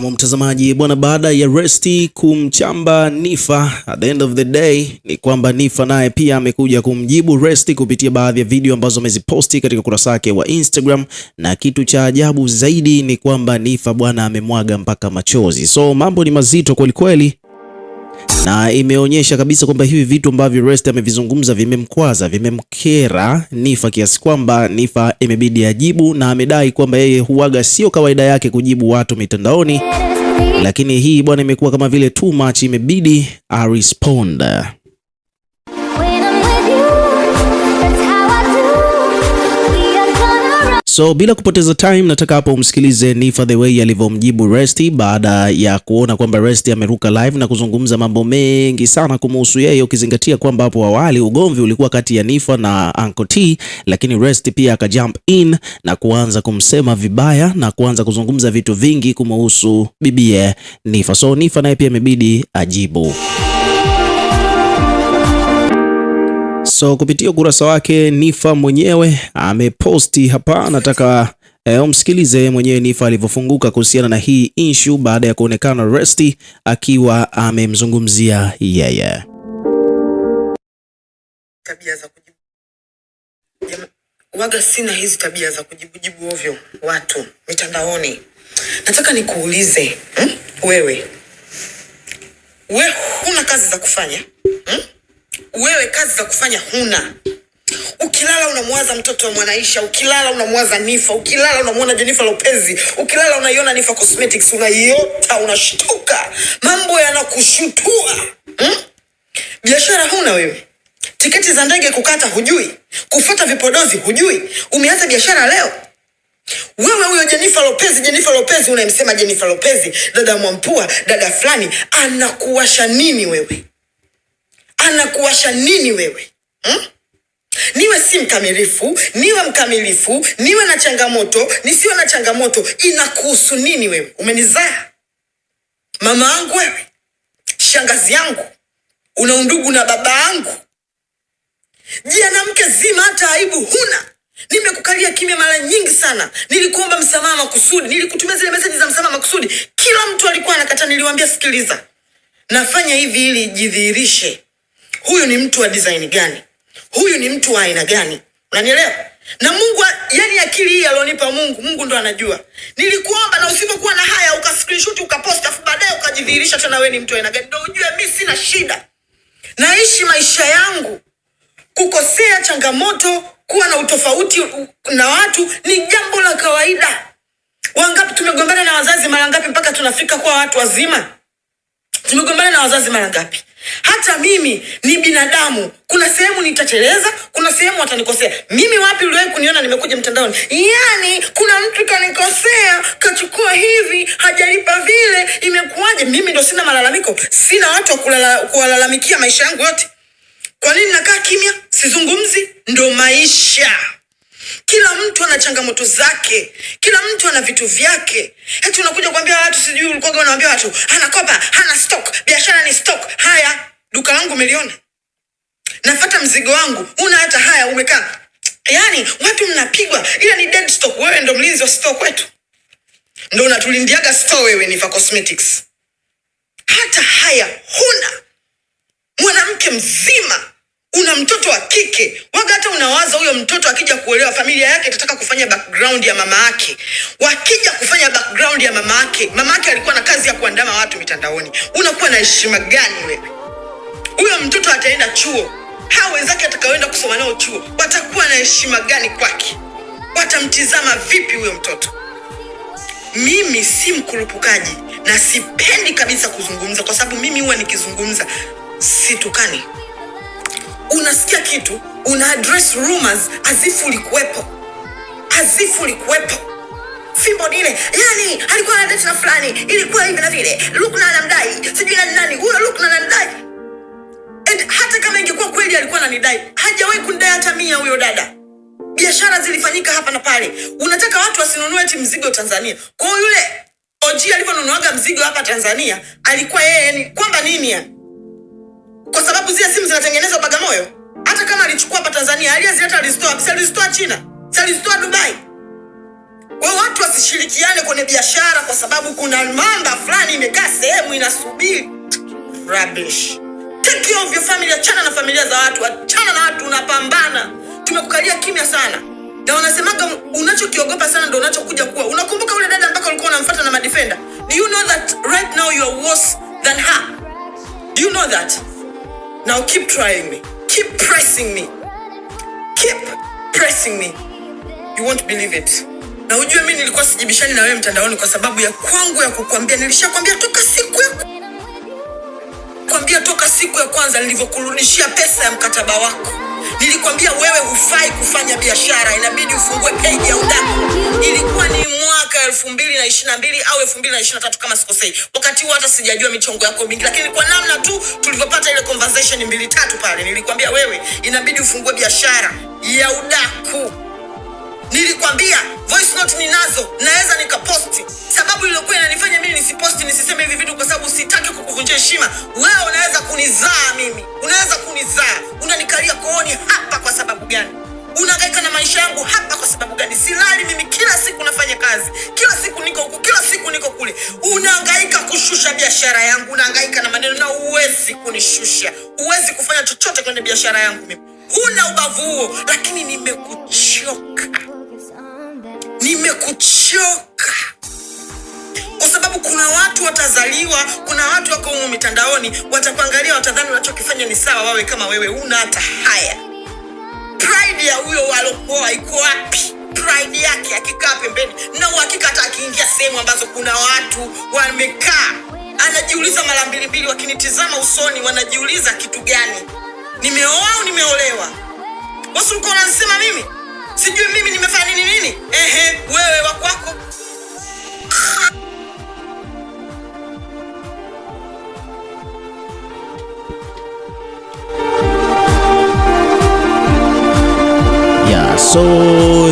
Naam, mtazamaji bwana, baada ya Resti kumchamba Nifa, at the end of the day ni kwamba Nifa naye pia amekuja kumjibu Resti kupitia baadhi ya video ambazo ameziposti katika ukurasa wake wa Instagram, na kitu cha ajabu zaidi ni kwamba Nifa bwana amemwaga mpaka machozi. So mambo ni mazito kwelikweli na imeonyesha kabisa kwamba hivi vitu ambavyo Rest amevizungumza vimemkwaza, vimemkera Nifa kiasi kwamba Nifa imebidi ajibu, na amedai kwamba yeye huaga sio kawaida yake kujibu watu mitandaoni, lakini hii bwana imekuwa kama vile too much, imebidi a respond. So bila kupoteza time, nataka hapo umsikilize Nifa the way alivyomjibu Resti baada ya kuona kwamba Resti ameruka live na kuzungumza mambo mengi sana kumuhusu yeye, ukizingatia kwamba hapo awali ugomvi ulikuwa kati ya Nifa na Uncle T, lakini Resti pia akajump in na kuanza kumsema vibaya na kuanza kuzungumza vitu vingi kumuhusu bibie Nifa. So Nifa naye pia imebidi ajibu. So kupitia ukurasa wake Nifa mwenyewe ameposti hapa, nataka eh, umsikilize mwenyewe Nifa alivyofunguka kuhusiana na hii issue baada ya kuonekana Resty akiwa amemzungumzia yeye. Tabia za kujibu. Waga sina hizi tabia za kujibujibu ovyo watu mitandaoni. Nataka nikuulize, hmm? Wewe. Wewe huna kazi za kufanya? Hmm? wewe kazi za kufanya huna. Ukilala unamwaza mtoto wa Mwanaisha, ukilala unamwaza Nifa, ukilala unamwona Jennifer Lopez, ukilala unaiona Nifa Cosmetics, unaiota, unashtuka, mambo yanakushutua hmm? Biashara huna wewe, tiketi za ndege kukata hujui, kufuta vipodozi hujui, umeanza biashara leo wewe huyo Jennifer Lopez, Jennifer Lopez unayemsema Jennifer Lopez, dada mwampua, dada fulani, anakuwasha nini wewe? anakuwasha nini wewe hmm? Niwe si mkamilifu, niwe mkamilifu, niwe na changamoto, nisiwe na changamoto, inakuhusu nini wewe? Umenizaa mama angu wewe, shangazi yangu, una undugu na baba yangu, mke zima, hata aibu huna. Nimekukalia kimya mara nyingi sana, nilikuomba msamaha makusudi, nilikutumia zile meseji za msamaha makusudi, kila mtu alikuwa anakataa. niliwambia sikiliza, nafanya hivi ili jidhihirishe huyu ni mtu wa design gani? Huyu ni mtu wa aina gani? Unanielewa? Na Mungu yani, akili hii alionipa Mungu, Mungu ndo anajua. Nilikuomba na usipokuwa na haya uka screenshot ukapost, afu baadaye ukajidhihirisha tena wewe ni mtu aina gani, ndo ujue mimi sina shida, naishi maisha yangu. Kukosea, changamoto, kuwa na utofauti na watu ni jambo la kawaida. Wangapi tumegombana na wazazi mara ngapi mpaka tunafika kuwa watu wazima? Tumegombana na wazazi mara ngapi? Hata mimi ni binadamu, kuna sehemu nitateleza, kuna sehemu watanikosea. Mimi wapi uliwahi kuniona nimekuja mtandaoni? Yani kuna mtu kanikosea, kachukua hivi, hajalipa vile, imekuwaje? Mimi ndo sina malalamiko, sina watu wa kuwalalamikia maisha yangu yote. Kwa nini nakaa kimya, sizungumzi? Ndo maisha. Kila mtu ana changamoto zake, kila mtu ana vitu vyake. Eti unakuja kuambia watu sijui, ulikoga, unawaambia watu anakopa, hana stock, biashara ni stock. Haya, duka langu umeliona, nafata mzigo wangu, una hata haya, umekaa Yani watu mnapigwa, ila ni dead stock. Wewe ndo mlinzi wa stock wetu, ndo unatulindiaga store. Wewe ni fa cosmetics, hata haya huna. Mwanamke mzima una mtoto wa kike waga, hata unawaza huyo mtoto akija kuelewa familia yake itataka kufanya background ya mama yake. Wakija kufanya background ya mama yake, mama yake alikuwa na kazi ya kuandama watu mitandaoni, unakuwa na heshima gani wewe? Huyo mtoto ataenda chuo, hao wenzake atakaoenda kusoma nao chuo watakuwa na heshima gani kwake? Watamtizama vipi huyo mtoto? Mimi si mkurupukaji na sipendi kabisa kuzungumza, kwa sababu mimi huwa nikizungumza situkani unasikia kitu una address rumors azifu ulikuwepo, azifu ulikuwepo. Fimbo nile yani alikuwa na date na fulani, ilikuwa hivi na vile, Lukna anamdai sijui nani nani, huyo Lukna anamdai. And hata kama ingekuwa kweli alikuwa ananidai, hajawahi kunidai hata mia. Huyo dada biashara zilifanyika hapa na pale. Unataka watu wasinunue ti mzigo Tanzania? Kwa hiyo yule OG alivyonunuaga mzigo hapa Tanzania alikuwa yeye kwamba nini ya? kwa sababu zile simu zinatengenezwa Bagamoyo. Hata kama alichukua hapa Tanzania, aliyezileta alizitoa, si alizitoa China, si alizitoa Dubai. Kwa watu wasishirikiane kwenye biashara, kwa sababu kuna mamba fulani imekaa sehemu inasubiri. Rubbish. Take care of your family, achana na familia za watu, achana na watu, unapambana. Tumekukalia kimya sana, na wanasemaga unachokiogopa sana ndio unachokuja kuwa. Unakumbuka ule dada mpaka ulikuwa unamfuata na madefender? Do you know that right now you are worse than her? Do you know that? Now keep trying me. Keep pressing me. Keep pressing me. You won't believe it. Na ujue mimi nilikuwa sijibishani na wewe mtandaoni kwa sababu ya kwangu ya kukwambia, nilishakwambia toka siku ya kwambia toka siku ya kwanza nilivyokurudishia pesa ya mkataba wako. Nilikwambia wewe hufai kufanya biashara, inabidi ufungue page ya udaku. Ilikuwa ni mwaka elfu mbili na ishirini na mbili au elfu mbili na ishirini na tatu kama sikosei. Wakati huo hata sijajua michongo yako mingi, lakini kwa namna tu tulivyopata ile conversation mbili tatu pale, nilikwambia wewe, inabidi ufungue biashara ya udaku. Nilikwambia voice note ninazo, naweza nikaposti. Sababu iliyokuwa inanifanya mimi nisiposti, nisiseme hivi vitu, kwa sababu sitaki kukuvunjia heshima wewe. Unaweza kunizaa mimi, unaweza kunizaa kushusha biashara yangu, unahangaika na maneno na uwezi kunishusha, uwezi kufanya chochote kwenye biashara yangu. Mimi huna ubavu huo, lakini nimekuchoka, nimekuchoka kwa sababu kuna watu watazaliwa, kuna watu wako humu mitandaoni, watakuangalia, watadhani unachokifanya ni sawa, wawe kama wewe, una hata haya. Pride ya huyo walokoa iko wapi? Pride yake akikaa pembeni, na uhakika hata akiingia sehemu ambazo kuna watu wamekaa anajiuliza mara mbili mbili, wakinitizama usoni wanajiuliza kitu gani, nimeoa au nimeolewa? Wasuko wanasema mimi sijui mimi nimefanya nini nini. Ehe, wewe wa kwako so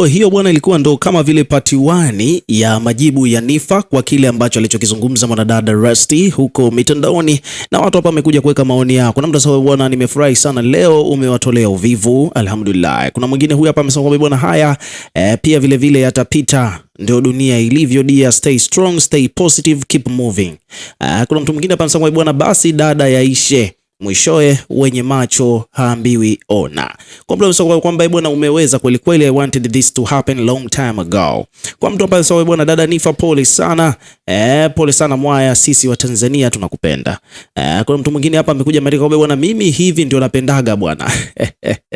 So hiyo bwana, ilikuwa ndo kama vile part 1 ya majibu ya nifa kwa kile ambacho alichokizungumza mwanadada Rusty huko mitandaoni, na watu hapa wamekuja kuweka maoni yao. Kuna mtu anasema bwana, nimefurahi sana leo, umewatolea uvivu, alhamdulillah. Kuna mwingine huyu hapa amesema kwamba bwana, haya e, pia vile vile yatapita ndio dunia ilivyo, dia, stay strong, stay positive, keep moving. Eh, kuna mtu mwingine hapa anasema bwana, basi dada yaishe mwishowe wenye macho haambiwi ona. Kwamba bwana umeweza kweli kweli, I wanted this to happen long time ago. Kwa mtu ambaye sio bwana, dada Nifa, pole sana eh, pole sana mwaya, sisi wa Tanzania tunakupenda eh. Kuna mtu mwingine hapa amekuja Amerika bwana, mimi hivi ndio napendaga bwana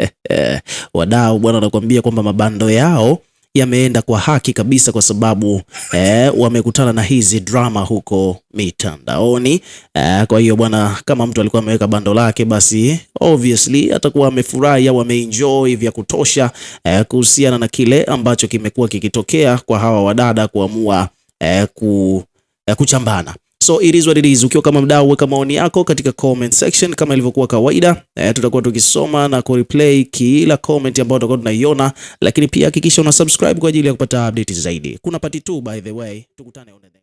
wadau bwana, anakuambia kwamba mabando yao yameenda kwa haki kabisa, kwa sababu eh, wamekutana na hizi drama huko mitandaoni eh. Kwa hiyo bwana, kama mtu alikuwa ameweka bando lake, basi obviously atakuwa amefurahi au ameenjoy vya kutosha eh, kuhusiana na kile ambacho kimekuwa kikitokea kwa hawa wadada kuamua eh, ku, eh, kuchambana. So it is what it is. Ukiwa kama mdau, weka maoni yako katika comment section kama ilivyokuwa kawaida. E, tutakuwa tukisoma na kureplay kila comment ambayo tutakuwa tunaiona, lakini pia hakikisha una subscribe kwa ajili ya kupata update zaidi. Kuna part 2 by the way, tukutane on